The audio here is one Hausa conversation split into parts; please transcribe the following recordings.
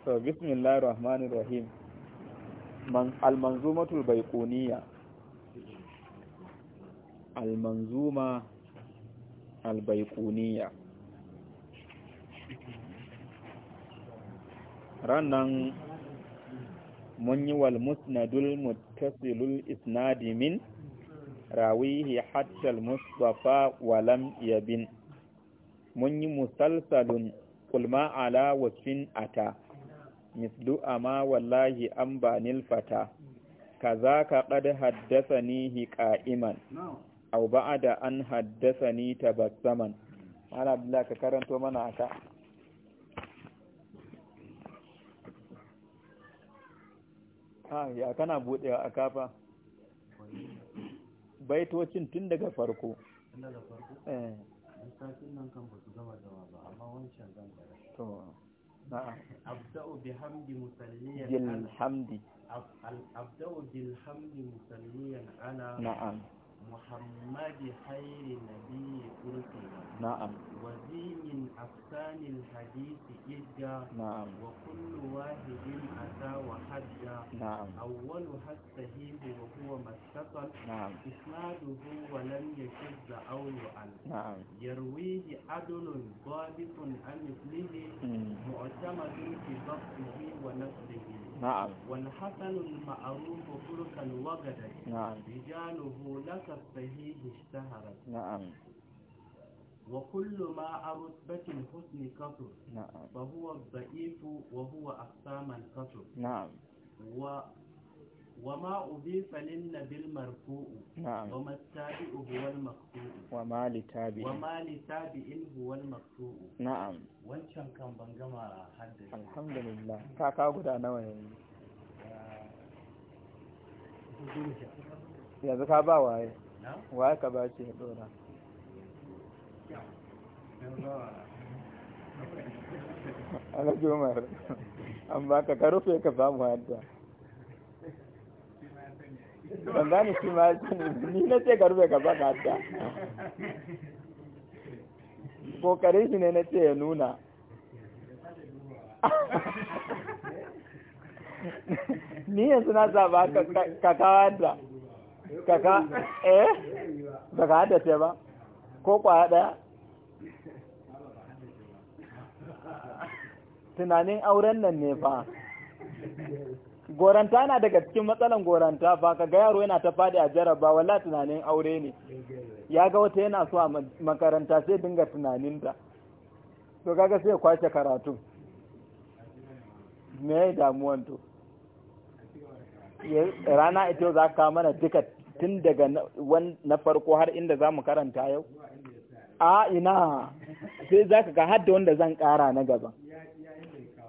so bismillahir rahmanir rahim man almanzumatul baiquniya almanzuma albaikuniya rannan mun yi wal musnadul muttasilul isnadi min rawihi hatta mustafa walam yabin mun yi musalsalun kulma ala wasfin ata mislu amma wallahi an ba fata kaza ka qad haddathanihi qa'iman aw da an haddathani tabassaman mala abdullah ka karanto mana aka ha ya kana baitocin tun daga farko tun أبدأ بحمد مسليا بالحمد أبدأ بالحمد مسليا على نعم محمد خير نبي أرسل نعم وذي من أقسام الحديث إذ نعم وكل واحد أسلم نعم أولها السهيل وهو ما اتصل نعم إسناده ولم يشذ أو يعل نعم يرويه عدل ضابط عن مثله معتمد في ضبطه ونسله نعم والحسن المعروف فرقا وجدا نعم رجاله لك السهيل اشتهرت نعم وكل ما رتبة الحسن كثر نعم فهو الضعيف وهو أقسام الكثر نعم Wama أضيف للنبي المرفوع نعم وما التابع هو المقطوع وما لتابع وما لتابع هو المقطوع نعم wancan kan ban gama haddasa alhamdulillah an baka ka rufe ka samu hadda ban gane shi ma ni na ce ka rufe ka baka hadda kokarin shi ne na ce ya nuna ni yanzu na ba ka kawo hadda ka ka eh ba ka ce ba ko kwa hada? tunanin auren nan ne fa goranta na daga cikin matsalan goranta fa kaga yaro yana ta fadi a jaraba walla tunanin aure ne ya ga wata yana so a makaranta sai dinga tunanin ta to kaga sai kwace karatu me ya damuwan to rana ita za ka mana duka tun daga na farko har inda za mu karanta yau a ina sai za ka ga da wanda zan kara na gaba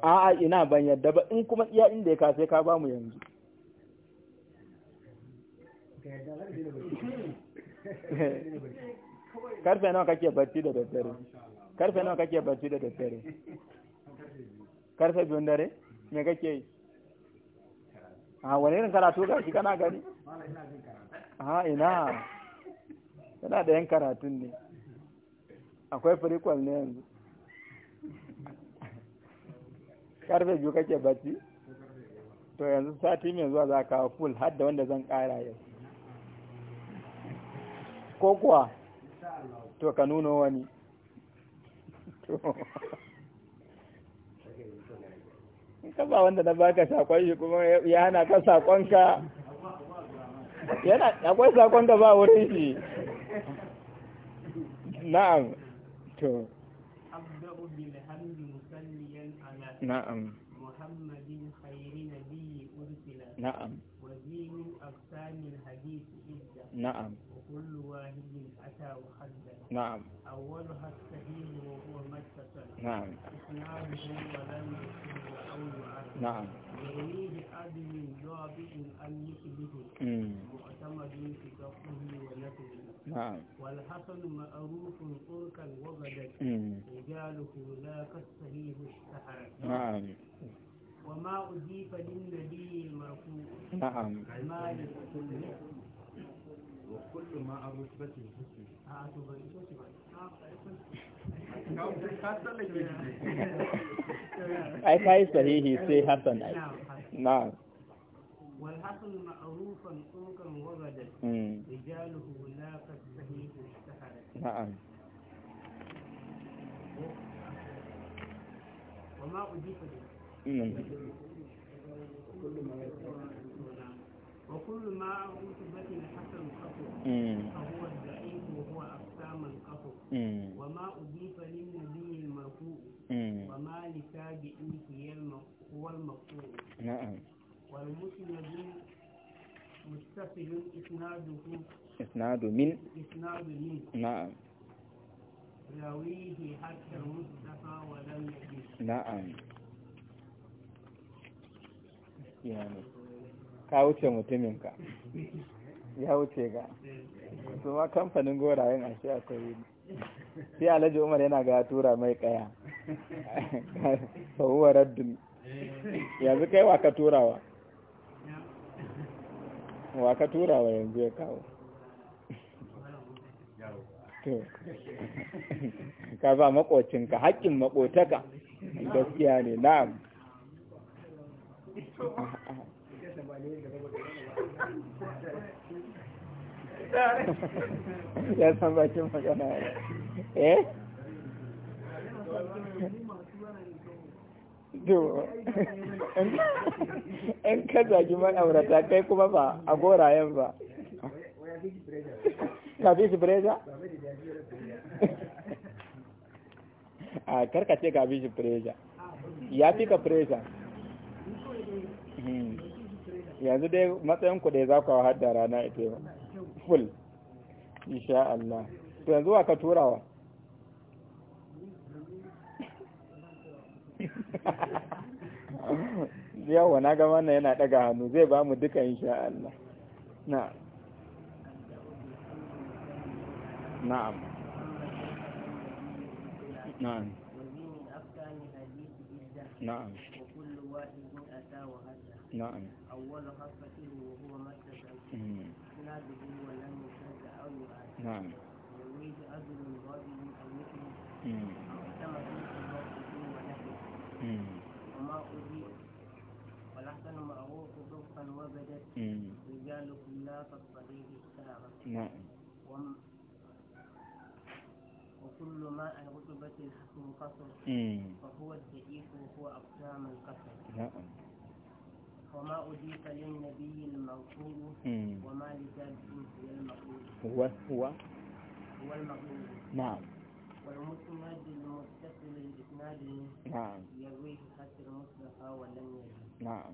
a'a ina ban yadda ba in kuma iya inda ya kasai ka ba mu yanzu karfe nawa kake barci da daddare karfe nawa kake barci da daddare karfe biyun dare me kake yi a wani irin karatu ga shi kana gani a ina yana da yan karatun ne akwai prequel ne yanzu karfe biyu kake bacci to yanzu sati mai zuwa za kawo full har da wanda zan kara yau ko kuwa to ka nuna wani ka ba wanda na baka sakon shi kuma ya hana ka sakonka yana akwai sakonka ba wurin shi na'am to na'am muhammadin khairi nabiyyi ursila na'am wa zinin afsanil hadith idda na'am wa kullu wahidin ata wa hadda na'am awwalu hasahih wa huwa mattasal na'am isnaduhu wa lam yusir wa awlu na'am wa yurid adli dabi'in an yuslihu hmm. mu'tamadun fi dafnihi والحسن معروف تركا وغدا رجاله لا نعم وما أضيف للنبي المرفوع نعم وكل ما sahihi sai hassan na. Na. والحصل معروفا طرقا وبدا رجاله لا تستحي اشتهرت نعم وما أجيب وكل ما أثبت الحسن قفو فهو الضعيف وهو أقسام قفو وما أضيف للنبي المرفوع وما لتابعيه هو المقصود نعم والمسند متصل إسناده إسناد من إسناد من نعم راويه حتى مصطفى ولم نعم يعني ka wuce mutuminka ya wuce ga Kuma kamfanin gorayen ashe akwai sai alhaji umar yana ga tura mai kaya sauwa raddin eh. yanzu kai wa ka turawa wa ka tura wa yanzu ya kawo ka ba makocinka haƙƙin makotaka gaskiya ne na'am ya san bakin magana eh to in ka zagi ma'aurata kai kuma ba a gorayen ba ka fi su breza? a karkace ka fi su breza ya fi ka breza hmm. yanzu dai matsayin ku dai za ku hada rana ita yau full insha Allah to yanzu wa ka turawa yawa na ga wannan yana daga hannu zai ba mu duka insha Allah na'am na'am na'am na'am na'am أول خطته وهو مسجد يناده na'am na'am وبدت رجالكم لا كالصديد الساعة نعم وكل ماء الرتبة الحكم قصر فهو الضعيف وهو أقسام القصر نعم وما أضيف للنبي المغفور وما لجابر المقبول هو هو هو المقبول نعم والمسند المتصل الإسناد نعم يرويه حتى المصطفى ولم يرويه نعم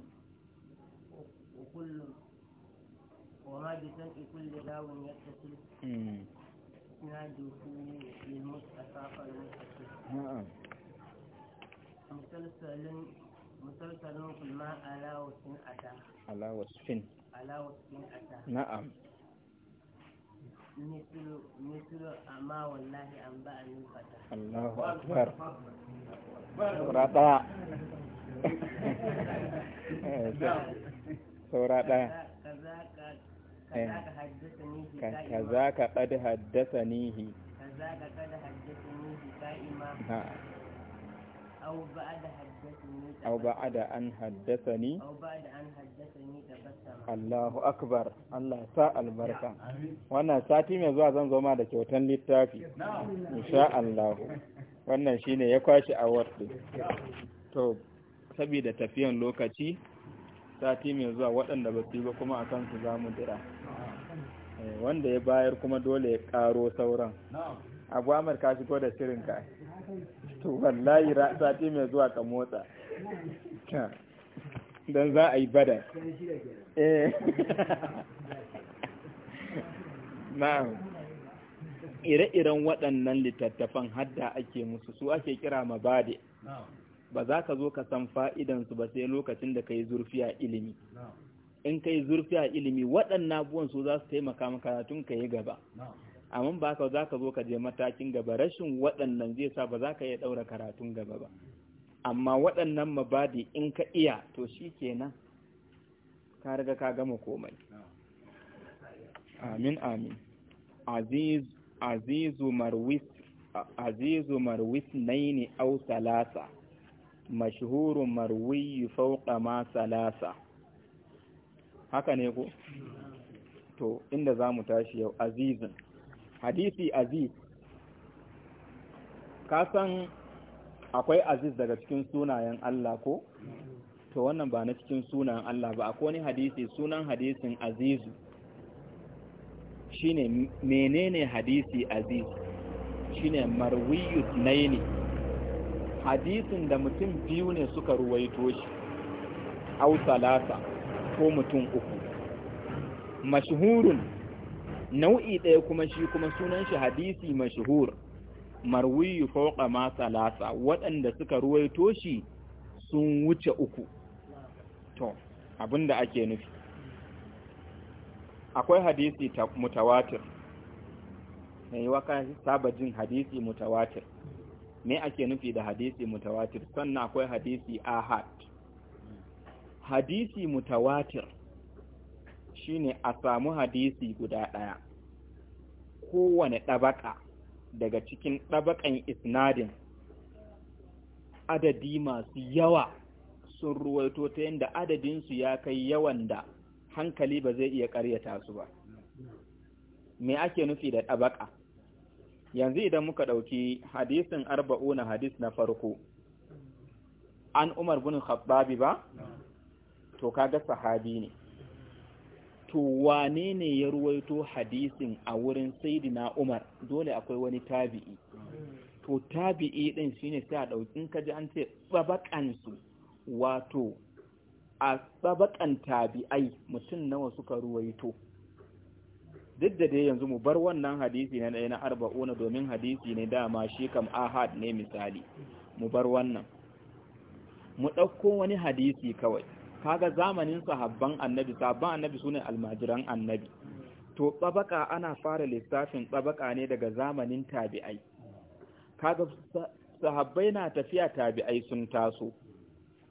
كل وما بسمع كل راو يتصل ناده للمستفاق المتصل مسلسل مسلسل كل ما على وسن أتى على وسن على وسن أتى نعم مثل مثل أما والله أنبأ الفتى الله أكبر رضا saura ɗaya kaza ka ƙad eh. haddasa nihi da an haddasa ni? Allahu akbar! Allah sa albarka. Wannan sati mai zuwa zan zoma da kyautan littafi insha Allah wannan shine ya kwashi a din to saboda tafiyan lokaci sati mai zuwa waɗanda ba su ba kuma a kansu za mu dira eh, wanda ya bayar kuma dole ya karo sauran agwamar ka shigo da shirin ka to wallahi sati mai zuwa ka motsa don za a yi bada eh. na'am ire-iren waɗannan littattafan hadda ake musu su ake kira ma mabadi ba za ka zo ka san fa'idansu ba sai lokacin da ka yi zurfi a ilimi in ka yi zurfi a ilimi waɗannan abubuwan su za su taimaka makaratun ka yi gaba amma ba ka za ka zo ka je matakin gaba rashin waɗannan zai sa ba za ka iya ɗaura karatun gaba ba amma waɗannan mabadi in ka iya to shi kenan ka riga ka gama komai amin amin azizu marwis azizu marwis naini au salasa mashhuru marwiyu fauƙa ma salasa haka ne ku to inda zamu tashi yau azizin hadisi aziz ka san akwai aziz daga cikin sunayen Allah ko to wannan ba na cikin sunan Allah ba akwai wani hadisi sunan hadisin azizu shine menene hadisi aziz shine marwiyu naini hadisin da mutum biyu ne suka ruwaito shi au salasa ko mutum uku mashhurun nau'i ɗaya kuma shi kuma sunan shi hadisi mashhur marwiyu fauqa ma salasa waɗanda suka ruwaito shi sun wuce uku to abinda ake nufi akwai hadisi mutawatir mai waka saba jin hadisi mutawatir me ake nufi da hadisi mutawatir sannan akwai hadisi ahad hadisi mutawatir shine a samu hadisi guda ɗaya kowane ɗabaka daga cikin ɗabakan isnadin adadi masu yawa sun ruwaito ta yadda adadinsu ya kai yawan da hankali ba zai iya ƙaryata su ba me ake nufi da ɗabaka yanzu idan muka ɗauki hadisin arba'una hadis na farko an umar bin khabbabi ba to kaga sahabi ne to wane ne ya ruwaito hadisin a wurin saidina umar dole akwai wani tabi'i to tabi'i din shine sai a dauki kaje an ce tsabakansu wato a tsabakan tabi'ai mutum nawa suka ruwaito duk da dai yanzu mu bar wannan hadisi na ɗaya na arba'una domin hadisi ne dama shi kam ahad ne misali mu bar wannan mu ɗauko wani hadisi kawai kaga zamanin sahabban annabi sahabban annabi sune almajiran annabi to tsabaka ana fara lissafin tsabaka ne daga zamanin tabi'ai kaga sahabbai na tafiya tabi'ai sun taso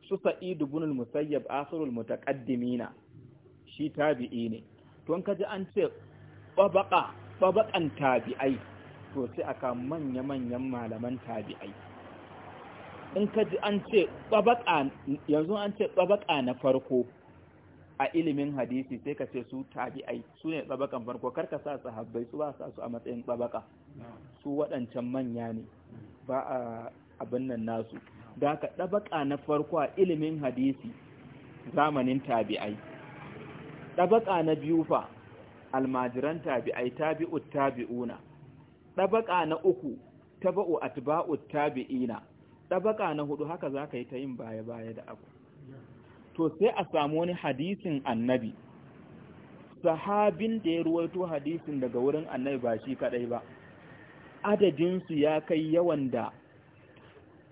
su Sa'idu bunul musayyab asrul mutaqaddimina shi tabi'i ne to an kaji an ce babaka babakan tabi'ai to sai aka manya-manyan malaman tabi'ai in ka ji an ce babaka yanzu an ce babaka na farko a ilimin hadisi sai ka ce su tabi'ai su ne babakan farko karka sa sahabbai su ba sa su a matsayin babaka su waɗancan manya ne ba a abin nan nasu da ka tsabaka na farko a ilimin hadisi zamanin tabi'ai tsabaka na biyu fa almajiran tabi'ai tabi'ut tabi'una ɗabaƙa na uku taba'u atba'ut tabi'ina ɗabaƙa na hudu haka za ka yi ta yin baya-baya da abu to sai a samu wani hadisin annabi sahabin da ya ruwaito hadisin daga wurin annabi ba shi kaɗai ba adadinsu ya kai yawan da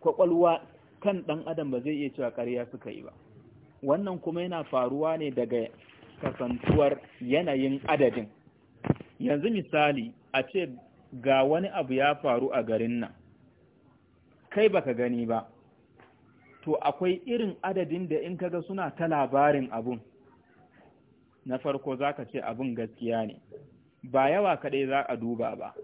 kwakwalwa kan ɗan adam ba zai iya cewa ƙarya suka yi ba wannan kuma yana faruwa ne daga kasantuwar yanayin adadin yanzu misali a ce ga wani abu ya faru a garin nan kai baka gani ba to akwai irin adadin da in kaga suna ta labarin abun na farko zaka ce abun gaskiya ne ba yawa kaɗai za a duba ba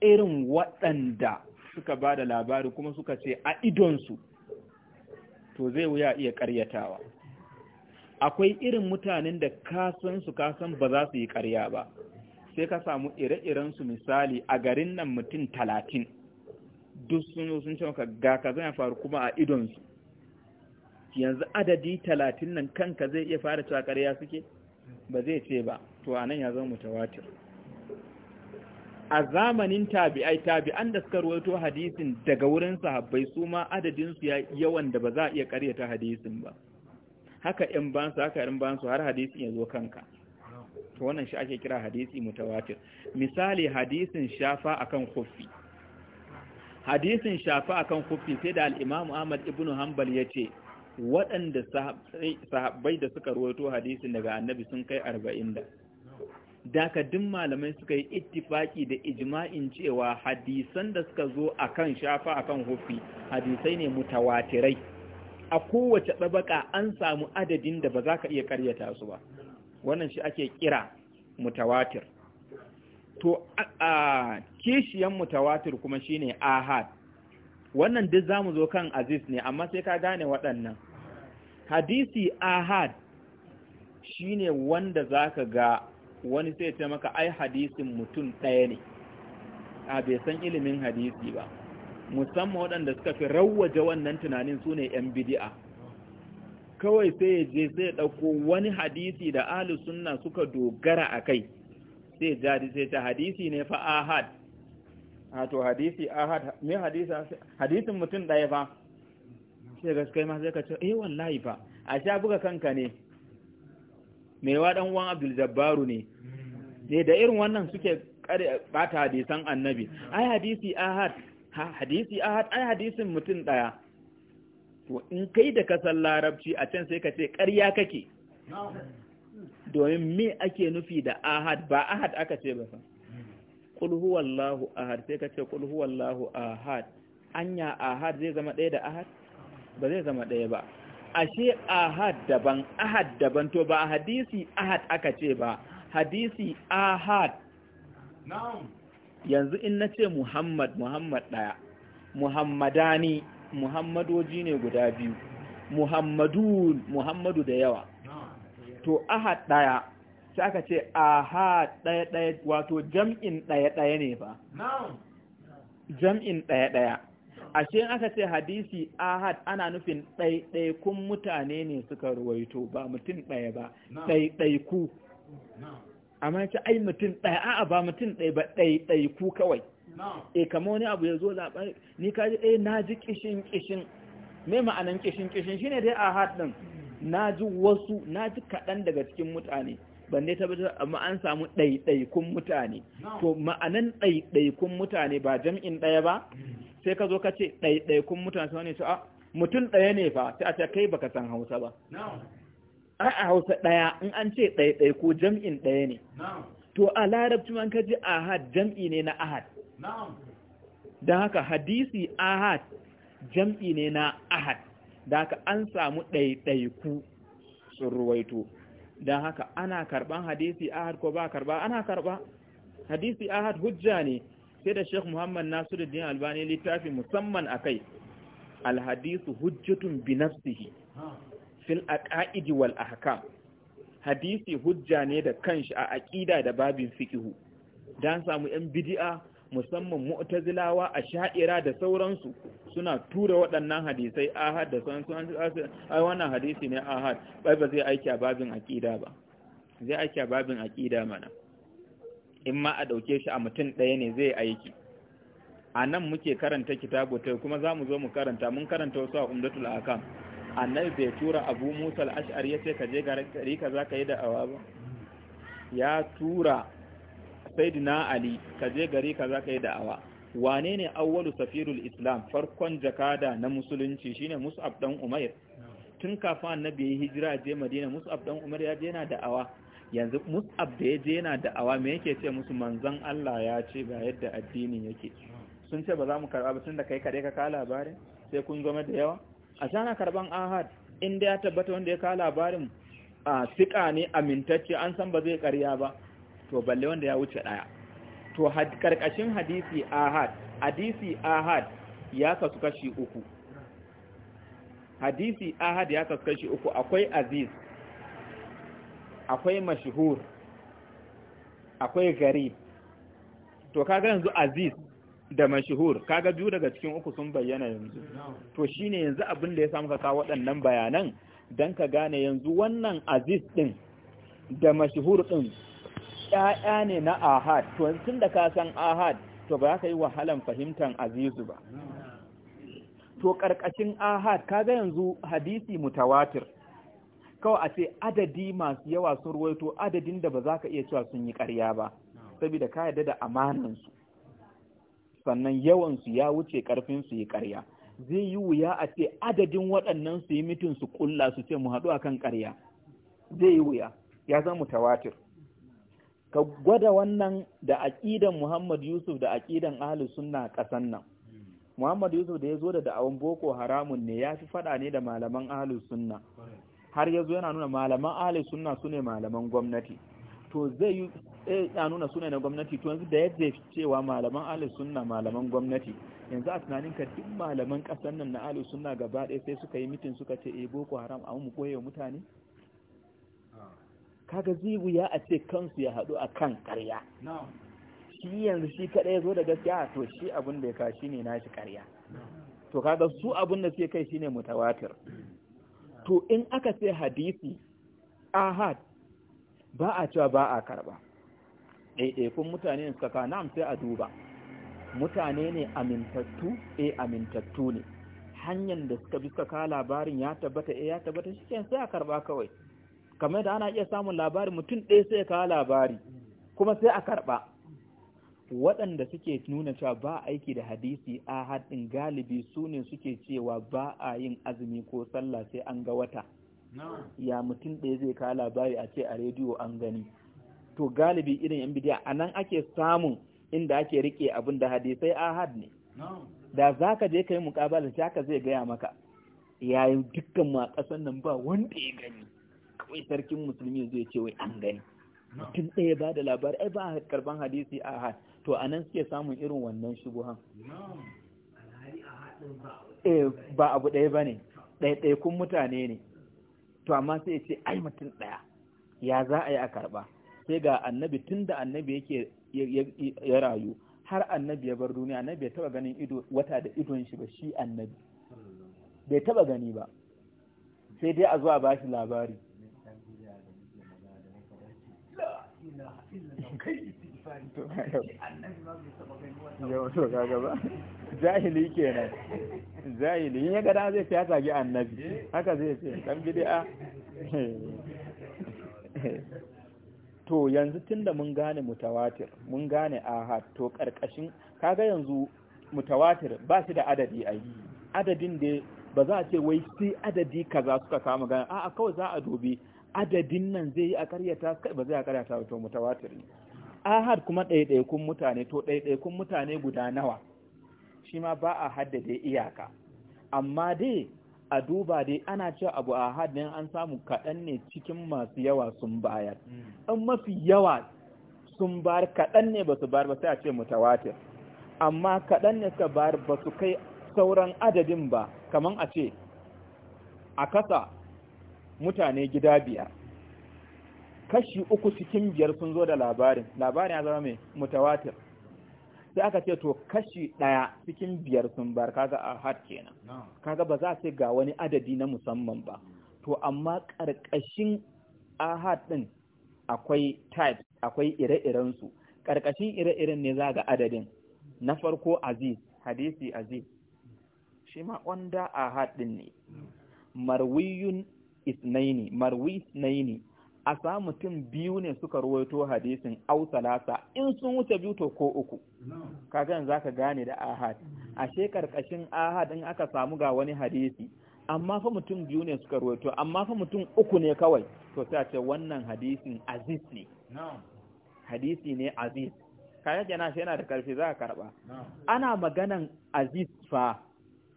irin waɗanda suka ba da labari kuma suka ce a idonsu to zai wuya iya karyatawa. akwai irin mutanen da kasan su kasan ba za su yi ƙarya ba sai ka samu ire-iren su misali a garin nan mutum talatin duk sun sun ce ga ka zai faru kuma a idonsu yanzu adadi talatin nan kanka zai iya fara cewa ƙarya suke ba zai ce ba to a nan ya zama mutawatir a zamanin tabi'ai tabi'an da suka ruwaito hadisin daga wurin sahabbai su ma adadinsu ya yawan da ba za a iya ƙaryata hadisin ba haka ‘yan bansu haka ‘yan bansu har hadisi ya zo kanka to wannan shi ake kira hadisi mutawatir misali hadisin shafa akan kufi hadisin shafa akan kufi sai da al-Imam ahmad ibn hanbal ya ce waɗanda sahabbai da suka rawaito hadisin daga annabi sun kai arba'in da dakadin malamai suka yi ittifaki da ijma'in cewa hadisan da suka zo akan shafa akan hufi hadisai ne mutawatirai a kowace ɗabaka an samu adadin da ba za ka iya karyata su ba wannan shi ake kira mutawatir to a kishiyan mutawatir kuma shine ahad wannan duk zamu zo kan aziz ne amma sai ka gane waɗannan hadisi ahad shine wanda za ka ga wani sai ta maka ai hadisin mutum ɗaya ne a bai san ilimin hadisi ba musamman waɗanda suka fi rawwaje wannan tunanin su ne 'yan bidi'a kawai sai ya je sai ya ɗauko wani hadisi da ahli sunna suka dogara a kai sai jadi sai ta hadisi ne fa ahad a to hadisi ahad me hadisi hadisin mutum ɗaya fa sai gaskai ma sai ka ce eh wallahi fa a sha buga kanka ne mai wa dan uwan Abdul Jabbaru ne ne da irin wannan suke bata hadisan annabi ai hadisi ahad ha hadisi ahad ai hadisin mutum daya to in kai da ka san larabci a can sai ka ce ƙarya kake domin me ake nufi da ahad ba ahad aka ce ba san qul huwallahu ahad sai ka ce qul huwallahu ahad anya ahad zai zama ɗaya da ahad ba zai zama ɗaya ba ashe ahad daban ahad daban to ba hadisi ahad aka ce ba hadisi ahad na'am yanzu in na ce muhammad muhammad ɗaya muhammadani muhammadoji ne guda biyu muhammadun muhammadu da yawa to ahad ɗaya sai aka ce ahad ɗaya ɗaya wato jam'in ɗaya ɗaya ne ba jam'in ɗaya ɗaya ashe shi aka ce hadisi ahad ana nufin ɗaiɗaikun mutane ne suka ruwaito ba mutum ɗaya ba ɗaiɗaiku amma ta ai mutum ɗaya a'a ba mutum ɗaya ba ɗaya ku kawai e eh, kama wani abu ya zo zaɓa ni ka ji ɗaya eh, na ji ƙishin ƙishin me ma'anan ƙishin ƙishin shine dai a haɗin na ji wasu na ji kaɗan daga cikin mutane ban dai tabbatar amma an samu ɗaiɗaikun mutane to ma'anan ɗaiɗaikun mutane ba jam'in ɗaya ba mm. sai ka zo ka ce ɗaiɗaikun mutane sai wani ce a ah, mutum ɗaya ne fa sai a ce kai baka san hausa ba a hausa ɗaya in an ce ɗaiɗai ko jam'in ɗaya ne to a larabci man kaji ahad jam'i ne na ahad da haka hadisi ahad jam'i ne na ahad da haka an samu ɗaiɗaiku sun ruwaito da haka ana karɓan hadisi ahad ko ba karɓa ana karɓa hadisi ahad hujja ne sai da sheikh muhammad nasiruddin albani littafi musamman akai alhadisu hujjatun bi nafsihi fil aqaidi wal ahkam hadisi hujja ne da kanshi a aqida da babin fiƙihu, dan samu yan bid'a musamman mu'tazilawa a sha'ira da sauransu suna tura waɗannan hadisai ahad da su ai wannan hadisi ne ahad bai ba zai aiki a babin aqida ba zai aiki a babin aqida mana in ma a ɗauke shi a mutum ɗaya ne zai aiki a nan muke karanta kitabu ta kuma zamu zo mu karanta mun karanta wasu a umdatul akam annabi bai tura abu musa al'ashar ya ce ka je gari ka za ka yi da'awa ba ya tura saidina ali kaje je gari ka za ka yi da'awa wane ne awwalu safirul islam farkon jakada na musulunci shine mus'ab dan umair tun kafa annabi ya hijira je madina mus'ab dan umar ya je yana da'awa yanzu mus'ab da ya je yana da'awa me yake ce musu manzon Allah ya ce ga yadda addini yake sun ce ba za mu karba ba tun da kai kare ka ka labarin sai kun zama da yawa a sana karban ahad inda ya tabbata wanda ya kawo labarin a sika ne amintacce an san ba zai karya ba to balle wanda ya wuce daya to karkashin hadisi ahad hadisi ahad ya kasu kashi uku hadisi ahad ya kasu kashi uku akwai aziz akwai mashihur, akwai gari to kaga yanzu aziz da mashihur kaga biyu daga cikin uku sun bayyana yanzu to shine yanzu abin da ya samu ka waɗannan bayanan dan ka gane yanzu wannan aziz din da mashihur din ƴaƴa ne na ahad to tun da ka san ahad to ba za ka yi wahalan fahimtar azizu ba to karkashin ahad kaga yanzu hadisi mutawatir kawai a ce adadi masu yawa sun ruwaito adadin da ba za ka iya cewa sun yi ƙarya ba saboda ka yarda da amanansu sannan yawan su ya wuce karfin su yi ƙarya zai yi wuya a ce adadin waɗannan su yi mitin su kulla su ce mu haɗu a kan karya, zai yi wuya ya zama mu tawatir. ka gwada wannan da aƙidan Muhammad Yusuf da aƙidan ahli Sunna ƙasan nan Muhammad Yusuf da ya zo da da'awun Boko Haramun ne ya fi faɗa ne da malaman ahli Sunna har ya zo yana nuna malaman ahli Sunna su ne malaman gwamnati to zai yi sai eh, ya nuna suna na gwamnati to yanzu da yadda cewa malaman alis sunna malaman gwamnati yanzu a tunanin ka duk malaman kasan nan na alis suna gaba ɗaya sai suka yi mitin suka ce eh boko haram a mu koyewa mutane ah. kaga zai ya a ce kansu ya haɗu a kan ƙarya shi yanzu shi kaɗai ya zo da gaskiya to shi abin da ya ka shi ne shi ƙarya to kaga su abin da suke kai shine mutawatir to in aka ce hadisi ahad ba a cewa ba a karba ɗaiɗaikun mutane ne suka kawo na'am sai a duba mutane ne amintattu e amintattu ne hanyar da suka bi suka kawo labarin ya tabbata e ya tabbata shi sai a karɓa kawai kamar da ana iya samun labari mutum ɗaya sai ka labari kuma sai a karɓa. waɗanda suke nuna cewa ba aiki da hadisi a haɗin galibi su ne suke cewa ba a yin azumi ko sallah sai an ga wata ya mutum ɗaya zai kawo labari a ce a rediyo an gani to galibi irin yan bidiya a nan ake samun inda ake rike abin da hadisai ahad ne da za ka je ka yi mukabala shi haka zai gaya maka yayi dukkan ma kasan nan ba wanda ya gani kawai sarkin musulmi zai ce wai an gani mutum ɗaya ba da labari ai ba a karban hadisi ahad to a nan suke samun irin wannan shubuhan ba abu ɗaya eh, ba ne ɗaiɗaikun mutane ne to amma sai ce ai mutum ɗaya ya za a yi a karɓa sai ga annabi tun da annabi yake ya rayu har annabi ya bar duniya annabi ya taba ganin ido wata da idon shi ba shi annabi bai taba gani ba sai dai a zuwa ba shi labari jahili kenan jahili yin yaga zai fiya tsagi annabi haka zai ce dan bid'a to yanzu tunda mun gane mutawatir mun gane ahad to karkashin kaga yanzu mutawatir ba shi da adadi a yi, adadin da ba za a ce wai sai adadi kaza suka kama gane a kawai za a dobe adadin nan zai yi a karyata ba zai a karyata to mutawatir ne ahad kuma ɗaiɗaikun mutane to ɗaiɗaikun mutane guda nawa shi ma ba a haddade iyaka amma dai a duba dai ana cewa abu a ne an samu kaɗan ne cikin masu yawa sun bayar hmm. in mafi yawa sun bayar kaɗan ne ba su bayar ba sai a ce mutawatir amma kaɗan ne suka bayar ba su kai sauran adadin ba kamar a ce a kasa mutane gida biyar kashi uku cikin biyar sun zo da labarin labarin ya zama mai mutawatir sai aka ce to kashi ɗaya cikin biyar sun bar kaga ahad kenan kaga ba za a ce ga wani adadi na musamman ba to amma ƙarƙashin ahad ɗin akwai types akwai ire iren su ƙarƙashin ire-iren ne za ga adadin na farko aziz hadisi aziz shi ma wanda ahad ɗin ne marwiyun isnaini marwi isnaini a samu mutum biyu ne suka ruwaito hadisin au salasa in sun wuce biyu to ko uku kaga yanzu zaka gane da ahad ashe karkashin ahad in aka samu ga wani hadisi amma fa mutum biyu ne suka ruwaito amma fa mutum uku ne kawai to sai a ce wannan hadisin aziz ne hadisi ne aziz kaga kenan shi yana da karfi za ka karba ana maganan aziz fa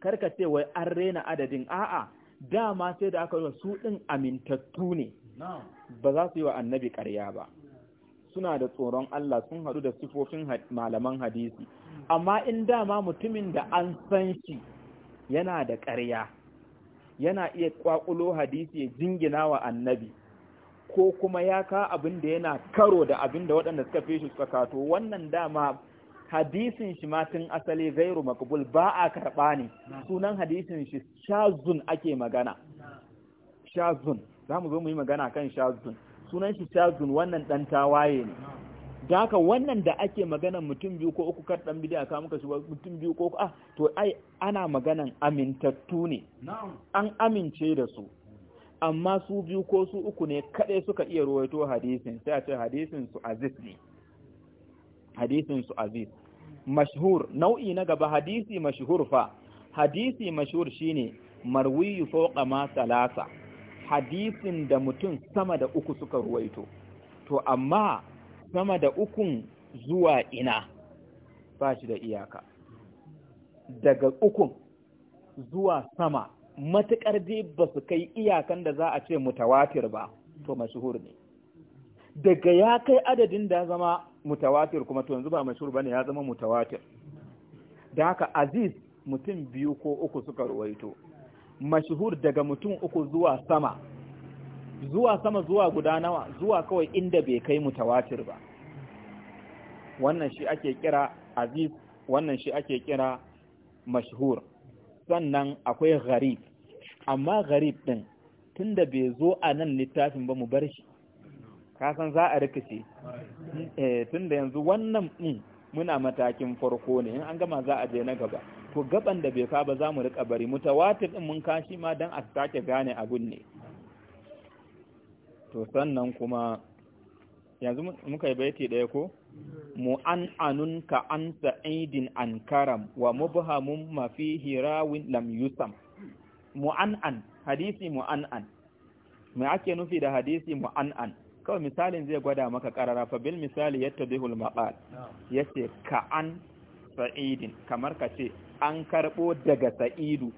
karka ce wai an rena adadin a'a dama sai da aka yi su din amintattu ne ba za su yi wa annabi karya ba suna da tsoron Allah sun haɗu da sifofin malaman hadisi amma in dama mutumin da an san shi yana da ƙarya yana iya ƙwaƙulo hadisi ya jingina wa annabi ko kuma ya ka abin da yana karo da abin da waɗanda suka fi shi suka kato wannan dama hadisin shi ma tun asali gairu makabul ba a karɓa ne sunan hadisin shi shazun ake magana shazun za mu zo mu yi magana kan shazun sunan shi shazun wannan dan tawaye ne da haka wannan da ake magana mutum biyu ko uku kar dan bidiya aka muka shi mutum biyu ko ah to ai ana maganan amintattu ne an amince da su amma su biyu ko su uku ne kaɗai suka iya ruwaito hadisin sai a ce hadisin su aziz ne hadisin su aziz mashhur nau'i na gaba hadisi mashhur fa hadisi mashhur shine marwiyu fawqa ma salasa hadisin da mutum sama da uku suka ruwaito to amma sama da ukun zuwa ina ba shi da iyaka daga ukun zuwa sama matuƙar dai ba su kai iyakan da za a ce mutawatir ba to mashuhur ne daga ya kai adadin da zama mutawatir kuma to yanzu ba mashuhur bane ya zama mutawatir da haka aziz mutum biyu ko uku suka ruwaito mashhur daga mutum uku zuwa sama zuwa sama zuwa guda nawa zuwa kawai inda bai kai mutawatir ba wannan shi ake kira aziz wannan shi ake kira mashhur sannan akwai gharib amma gharib din tunda bai zo a nan littafin ba mu bar shi kasan za a rikice eh, tunda yanzu wannan muna matakin farko ne in an gama za a je na gaba to gaban da bai ka ba za mu rika bari mutawatir din mun kashi ma dan a sake gane abun ne to sannan kuma yanzu muka yi baiti ɗaya ko anun ka an sa'idin an karam wa mubhamun mafi hirawin lam yusam mu'an'an hadisi mu an mai ake nufi da hadisi mu mu'an'an kawai misalin zai gwada maka karara fa bil misali yattabihu bihul maqal yace ka an sa'idin kamar ka ce an karɓo daga sa'idu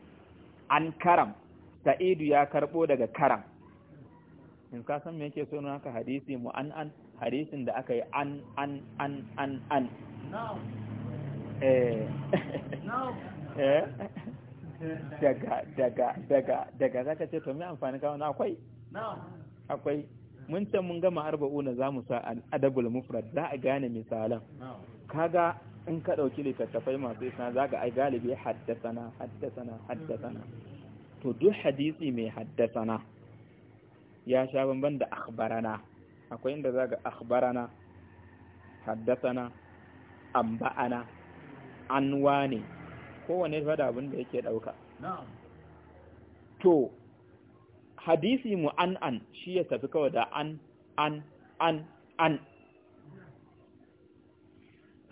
an karam sa'idu ya karɓo daga karam in ka san me yake so nuna ka hadisi mu an an hadisin da aka yi an an an an an eh eh daga daga daga daga zaka ce to me amfani ka wannan akwai akwai mun san mun gama arba'una zamu sa adabul mufrad za a gane misalan kaga in ka ɗauki littattafai masu isna za ga ai galibi haddasana haddasana haddasana to duk hadisi mai haddasana ya sha bambam da akhbarana akwai inda za ga akhbarana haddasana amba'ana an wane kowane fada abin da yake ɗauka to hadisi mu an an shi ya tafi kawai da an an an an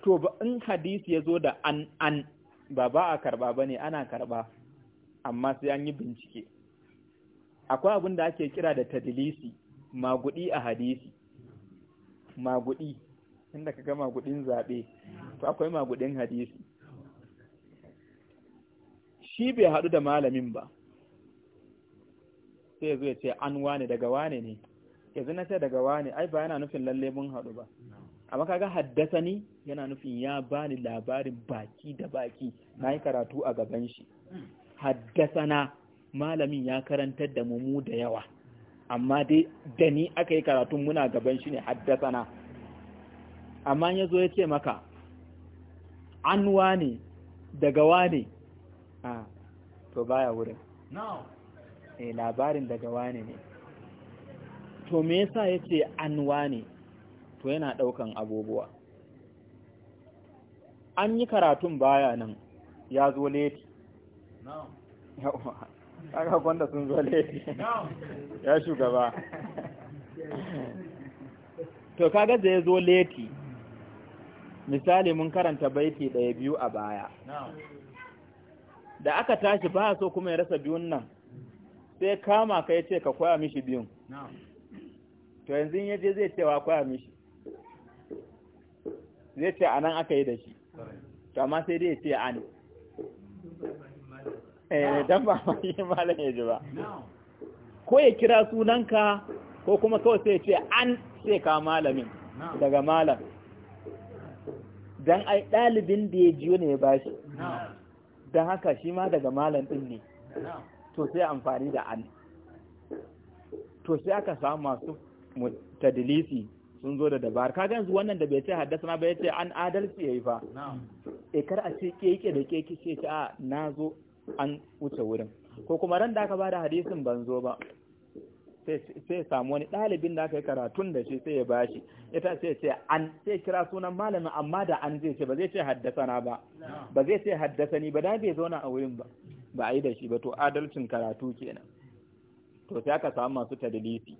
to in hadisi ya zo da an an ba ba a karba ba ne ana karba amma sai an yi bincike akwai abin da ake kira da tadilisi magudi a hadisi magudi inda ka ga magudin zaɓe to akwai magudin hadisi shi bai haɗu da malamin ba sai ya zo ya ce an wane daga wane ne yanzu na ce daga wane ai ba yana nufin lalle mun haɗu ba amma kaga haddasa ni yana nufin ya bani labarin baki da baki na yi karatu a gaban shi haddasana malamin ya karantar da mu da yawa amma dai da ni aka yi karatun muna gaban shi ne haddasana amma ya zo ya ce maka an wane daga wane a to baya wurin eh labarin daga wane ne to me yasa ya ce an wane to yana ɗaukan abubuwa an yi karatun baya nan ya zo leti aka kwanda sun zo leti ya shugaba to kaga da ya zo leti misali mun karanta baiti ɗaya biyu a baya da aka tashi ba so kuma ya rasa biyun nan sai kama ka ya ce ka koya mishi biyun to yanzu ya je zai cewa koya mishi zai ce a nan aka yi da shi to amma sai dai ya ce an eh dan ba mai malam ya ji ba ko ya kira sunanka ko kuma kawai sai ya ce an sai ka malamin daga malam dan ai dalibin da ya jiyo ne ya ba shi. dan haka shi ma daga malam din ne to sai amfani da an to sai aka samu masu tadilisi sun zo da dabar ka yanzu wannan da bai ce haddasa ba ya ce an adalci ya yi fa e kar a ce keke da keke ce ta na zo an wuce wurin ko kuma ran da aka bada hadisin ban zo ba sai samu wani ɗalibin da aka yi karatun da shi sai ya bashi ita sai ce an sai kira sunan malamin amma da an zai ce ba zai ce haddasana ba ba zai ce haddasani ba da bai zauna a wurin ba ba a yi da shi ba to adalcin karatu kenan to sai aka samu masu tadilisi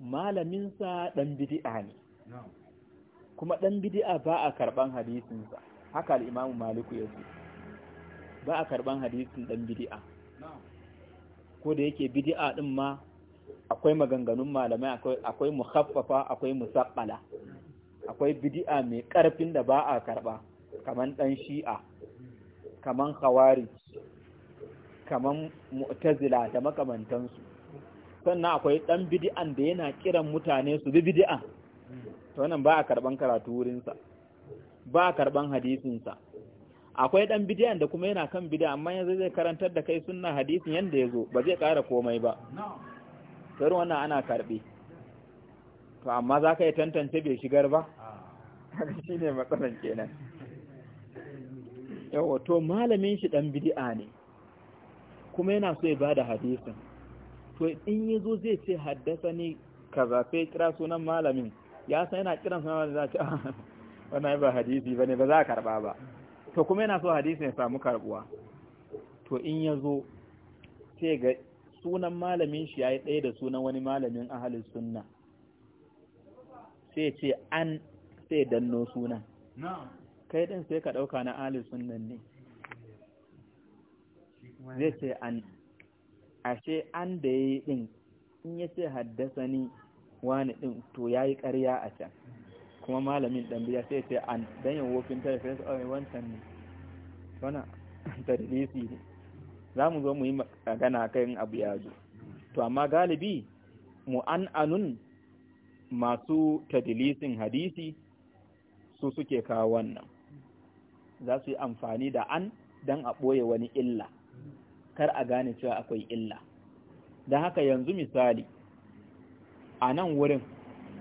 malaminsa ɗan bidi'a ne kuma ɗan bidi'a ba a karɓan hadisinsa haka al'imamu maliku ya ce ba a karɓan hadisin ɗan bidi'a ko da yake bidi'a ɗin ma akwai maganganun malamai akwai muhaffafa akwai musaƙala akwai bidi'a mai ƙarfin da ba a karɓa kaman ɗan shi'a kaman hawari kaman mu'tazila da makamantansu sannan akwai ɗan bidi'an da yana kiran mutane su bi bidi'an to wannan ba a karɓan karatu wurinsa ba a karɓan hadisinsa akwai ɗan bidi'an da kuma yana kan bidi'a amma yanzu zai karantar da kai sunna hadisin yanda ya zo ba zai ƙara komai ba sai wannan ana karɓe to amma za ka yi tantance bai shigar ba shi ne matsalan kenan yawa to malamin shi ɗan bidi'a ne kuma yana so ya ba da hadisin to in yazo zai ce haddasa ni ka zafe kira sunan malamin ya san yana kiran sunan malamin za ta ah, wannan ba hadisi ba ne ba za a karba ba to kuma yana so hadisi ya samu karbuwa to in yazo sai ga sunan malamin shi ya yi ɗaya da sunan wani malamin ahalin sunna sai ce an sai danno sunan kai din sai ka ɗauka na ahalin sunan ne zai ce an ashe an da ya yi ɗin in ya ce haddasa ni wani ɗin to ya yi ƙarya a can kuma malamin ɗan biya sai ce an dan yin wofin tare sai su ɓoye wancan ne wana tadlisi ne za mu zo mu yi magana kan abu ya zo to amma galibi mu an anun masu tadlisin hadisi su suke kawo wannan za su yi amfani da an dan a ɓoye wani illa kar a gane cewa akwai illa da haka yanzu misali a nan wurin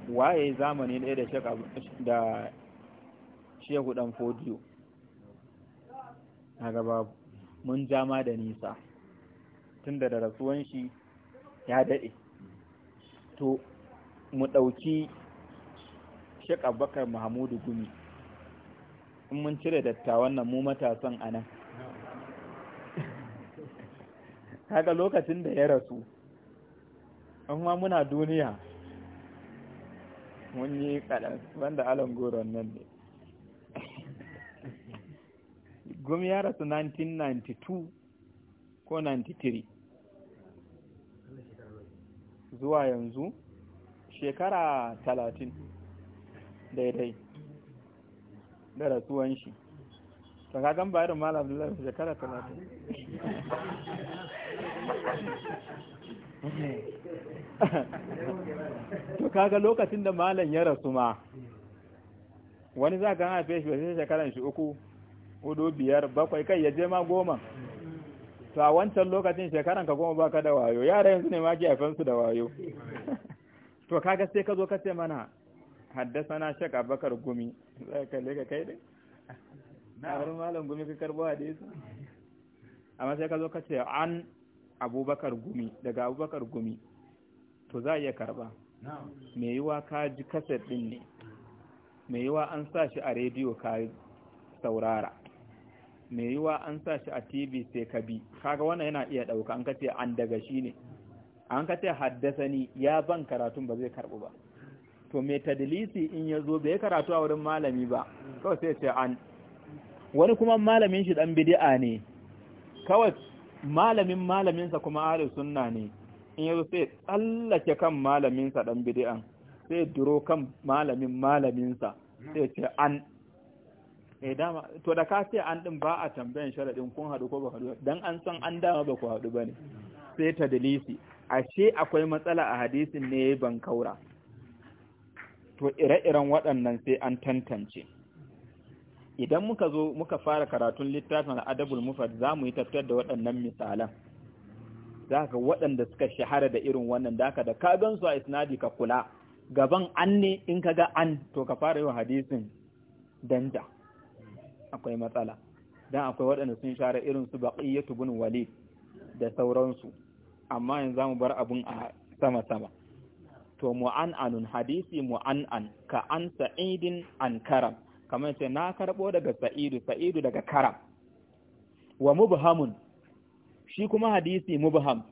waye zamani ɗaya da shehu ɗan fodiyo a gaba mun jama da nisa tun da rasuwan shi ya daɗe to mu ɗauki shek abubakar mahamudu gumi in mun cire dattawan nan mu matasan a nan kaga lokacin da ya rasu amma muna duniya mun yi kaɗan wanda alan goron nan ne gumi ya rasu 1992 ko 93 zuwa yanzu shekara 30 daidai da rasuwan shi to ka gan bayarin malam abdullahi shekara talatin to kaga lokacin da malam ya rasu ma wani za ka haife shi wasu shekaran shi uku hudu biyar bakwai kai ya je ma goma to a wancan lokacin shekaran ka goma baka da wayo yara yanzu ne ma ke haifansu da wayo to kaga sai ka zo ka ce mana haddasa na shek abakar gumi za ka kalle ka kai dai kamar malam gumi ka karbo hadisi amma sai ka zo ka ce an abubakar gumi daga abubakar gumi to za a iya karba mai yiwa ka ji kaset din ne mai yiwa an sa shi a rediyo ka saurara mai yiwa an sa shi a tv sai ka bi kaga wannan yana iya ɗauka an kace an daga shi ne an kace haddasa ni ya ban karatun ba zai karɓi ba to mai tadilisi in ya zo bai karatu a wurin malami ba kawai sai ce an wani kuma malamin shi dan bid'a ne kawai malamin malaminsa kuma ahli sunna ne in yazo sai tsallake kan malaminsa dan bid'an sai duro kan malamin malaminsa sai ce an eh dama to da ka ce an din ba a tambayan sharadin kun hadu ko ba hadu dan an san an dama ba ku hadu bane sai ta dalisi ashe akwai matsala a hadisin ne ban kaura to ire-iren waɗannan sai an tantance idan muka zo muka fara karatun littafin al'adabul mufad za mu yi tattar da waɗannan misalan za ka waɗanda suka shahara da irin wannan da ka da ka gansu a isnadi ka kula gaban an ne in ka ga an to ka fara yin hadisin danja akwai matsala dan akwai waɗanda sun share irin su baqiyatu bin walid da sauransu amma yanzu zamu bar abun a sama sama to mu'an'anun hadisi mu'an'an ka an sa'idin an karam kamar ce na karɓo daga sa'idu sa'idu daga kara. wa mubhamun shi kuma hadisi mubham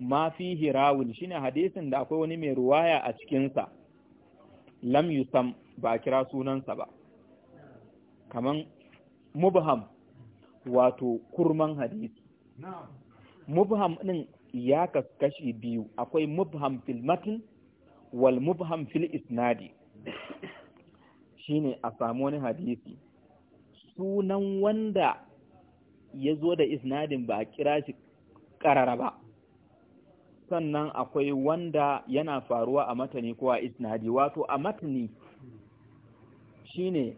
ma fi hirawun shine hadisin da akwai wani mai ruwaya a cikinsa lam yusam ba kira sunansa ba kaman mubham wato kurman hadisi mubham din ya kashi biyu akwai mubham fil matn wal mubham fil isnadi shine a samu wani hadisi sunan wanda ya zo da isnadin ba a kira shi ƙarara ba sannan akwai wanda yana faruwa a matani ko a isnadi wato a matani shine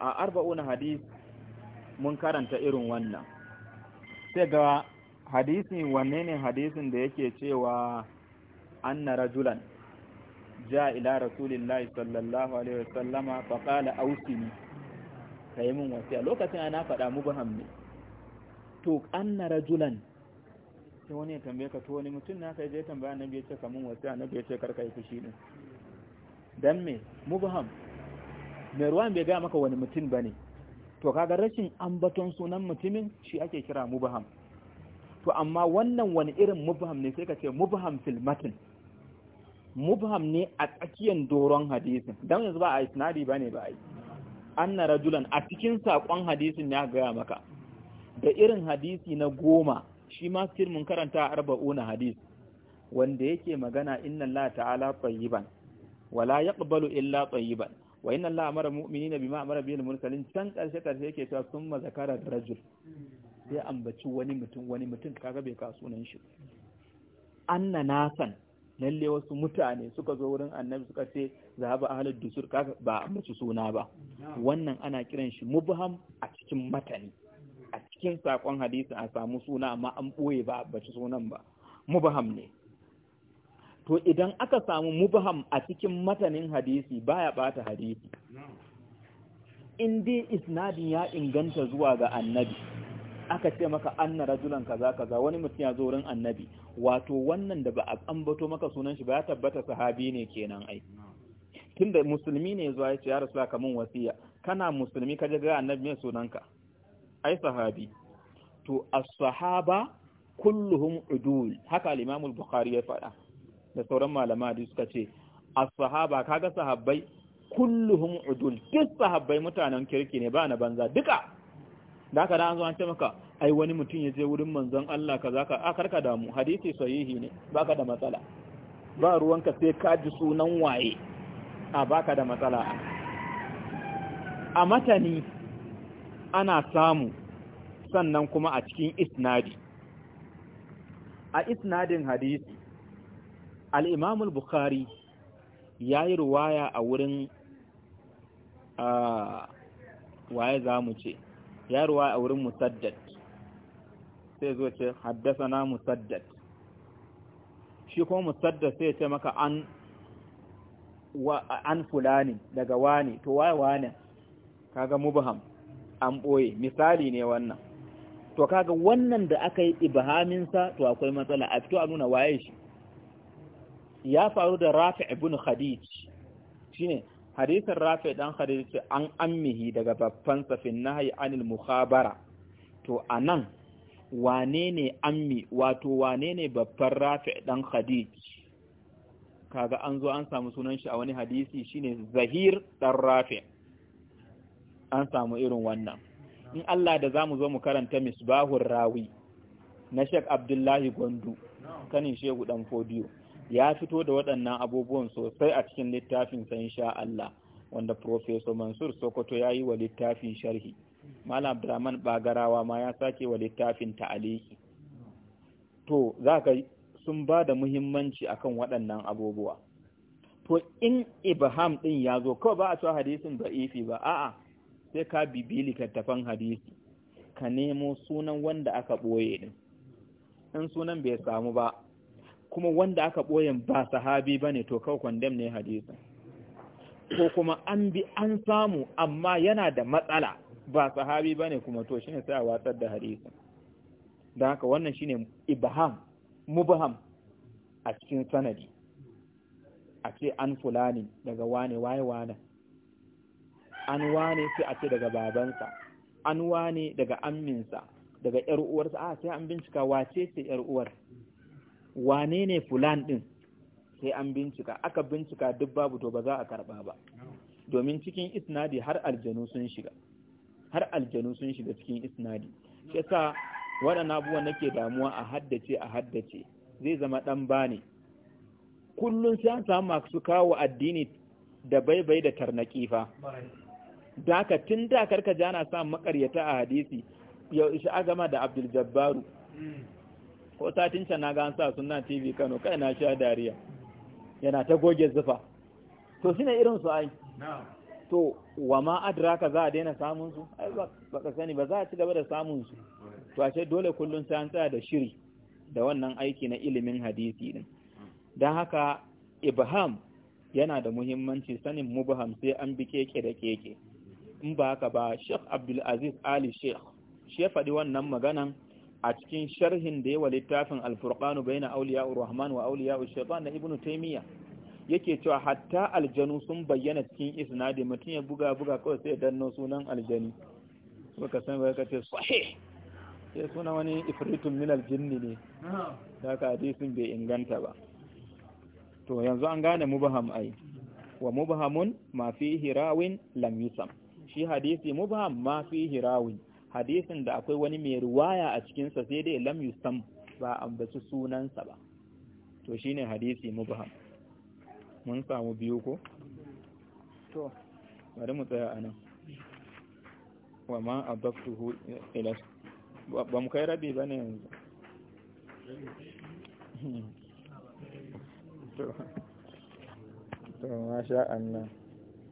a arba'una hadis mun karanta irin wannan sai ga hadisi wanne ne hadisin da yake cewa an na rajulan ja ila rasulillahi sallallahu alaihi wasallama fa qala ausini kai mun wasiya lokacin ana faɗa mu ne to anna rajulan sai wani ya tambaye ka to wani mutum na kai zai tambaya na biya ce ka mun wasiya annabi ya ce karka yi fushi din dan me mubham mai ruwan bai gaya maka wani mutum ba ne. to kaga rashin ambaton sunan mutumin shi ake kira mubham to amma wannan wani irin mubham ne sai ka ce mubham fil matn mubham ne a tsakiyar doron hadisin don yanzu ba a yi sinadi ba ne ba a yi na rajulan a cikin saƙon hadisin ya gaya maka da irin hadisi na goma shi ma sir mun karanta arba'una hadis wanda yake magana inna Allah ta'ala tayyiban wala yaqbalu illa tayyiban wa inna Allah amara mu'minina bima amara bihi al-mursalin can karshe karshe yake cewa summa zakara da rajul sai ambaci wani mutum wani mutum kaga bai ka sunan shi anna nasan lalle wasu mutane suka zo wurin annabi suka ce zahaba ahlud dusur ba a musu suna ba wannan ana kiran shi mubham a cikin matani a cikin sakon hadisi a samu suna amma an boye ba a sunan ba mubham ne to idan aka samu mubham a cikin matanin hadisi baya bata hadisi Indi isnadin ya inganta zuwa ga annabi aka ce maka anna rajulan kaza kaza wani mutum ya zo wurin annabi wato wannan da ba a ambato maka sunan shi ba ya tabbata sahabi ne kenan ai tunda musulmi ne zuwa ya ce ya rasu min wasiya kana musulmi ka ga annabi mai sunanka ai sahabi to as-sahaba kulluhum udul haka al-imam al-bukhari ya faɗa da sauran malama da suka ce as-sahaba kaga sahabbai kulluhum udul duk sahabbai mutanen kirki ne ba na banza duka da aka da an zo an ce maka ai wani mutum ya je wurin manzon Allah kaza ka a karka damu hadisi sahihi ne baka da matsala ba ruwanka sai ka ji sunan waye a baka da matsala a matani ana samu sannan kuma a cikin isnadi a isnadin hadisi al al bukhari yayi yi ruwaya a wurin waye zamu ce ya ruwa a wurin musaddad sai zo ce haddasa na musaddad shi kuma musaddad sai ce maka an wa an fulani daga wani to waye wani kaga mubham an boye misali ne wannan to kaga wannan da aka yi ibhamin sa to akwai matsala a fito a nuna waye shi ya faru da Rafi' ibn Khadij shine hadisin rafi dan hadisi ce an ammihi daga babban safin nahi anil muhabara to anan wane ne ammi wato wane ne babban rafi dan hadisi kaga an zo an samu sunan shi a wani hadisi shine zahir dan rafi an samu irin wannan in Allah da zamu zo mu karanta misbahur rawi na shek Abdullahi Gondu kanin Shehu dan Fodiyo ya fito da waɗannan abubuwan sosai a cikin littafin san sha Allah wanda Professor Mansur Sokoto ya yi wa littafin sharhi. Malam Abdurrahman Bagarawa ma ya sake wa littafin ta'aliki. To, za ka sun ba da muhimmanci a kan waɗannan abubuwa. To, in Ibrahim ɗin ya zo, kawai ba a so hadisin ifi ba, a'a, sai ka bibi littattafan hadisi, ka nemo sunan wanda aka ɓoye ɗin. In sunan bai samu ba, kuma wanda aka ɓoyin ba sahabi ba ne to kawo kwandam ne hadisin ko kuma an bi an samu amma yana da matsala ba sahabi ba ne kuma to shi ne sai a watsar da hadisin don haka wannan shi ne ibham mubham a cikin sanadi a ce an fulani daga wane waye wane an wane sai a ce daga babansa an wane daga amminsa daga ƴar uwarsa a sai an bincika wace ce ƴar uwarsa wane ne fulan ɗin sai an bincika aka bincika duk babu to ba za a karɓa ba domin cikin isnadi har aljanu sun shiga har aljanu sun shiga cikin isnadi shi yasa waɗannan abubuwan nake damuwa a haddace a haddace zai zama ɗan bane kullum sai an samu masu kawo addini da baibai da tarnaƙi fa da ka tun da karka jana sa makaryata a hadisi yau isha agama da abdul jabbaru ko satin can na ga an sa sunna tv kano kai na sha dariya yana ta goge zufa to shine irin su ai to wa ma adraka za a daina samun su ai ba ka sani ba za a ci gaba da samun su to ashe dole kullun sai an tsaya da shiri da wannan aiki na ilimin hadisi din don haka ibham yana da muhimmanci sanin mubham sai an bi keke da keke in ba haka ba Sheikh Abdul Aziz Ali Sheikh shi ya faɗi wannan maganan a cikin sharhin da yawa littafin alfurqanu bayna Auliya'u rahman wa awliya shaitan na ibnu taymiya yake cewa hatta aljanu sun bayyana cikin isnadi mutum ya buga buga kawai sai danno sunan aljani baka san ba ka ce sahih sai suna wani ifritun min aljinni ne da ka hadisin bai inganta ba to yanzu an gane mubaham ai wa mubahamun ma fihi rawin lam yusam shi hadisi mubaham ma fihi rawin hadisin da akwai wani mai ruwaya a cikinsa sai dai lam yusam ba ambaci sunansa ba to shine hadisi mubham mun samu biyu ko to bari mu tsaya anan wa ma hu ila ba mu kai rabi bane yanzu to to masha Allah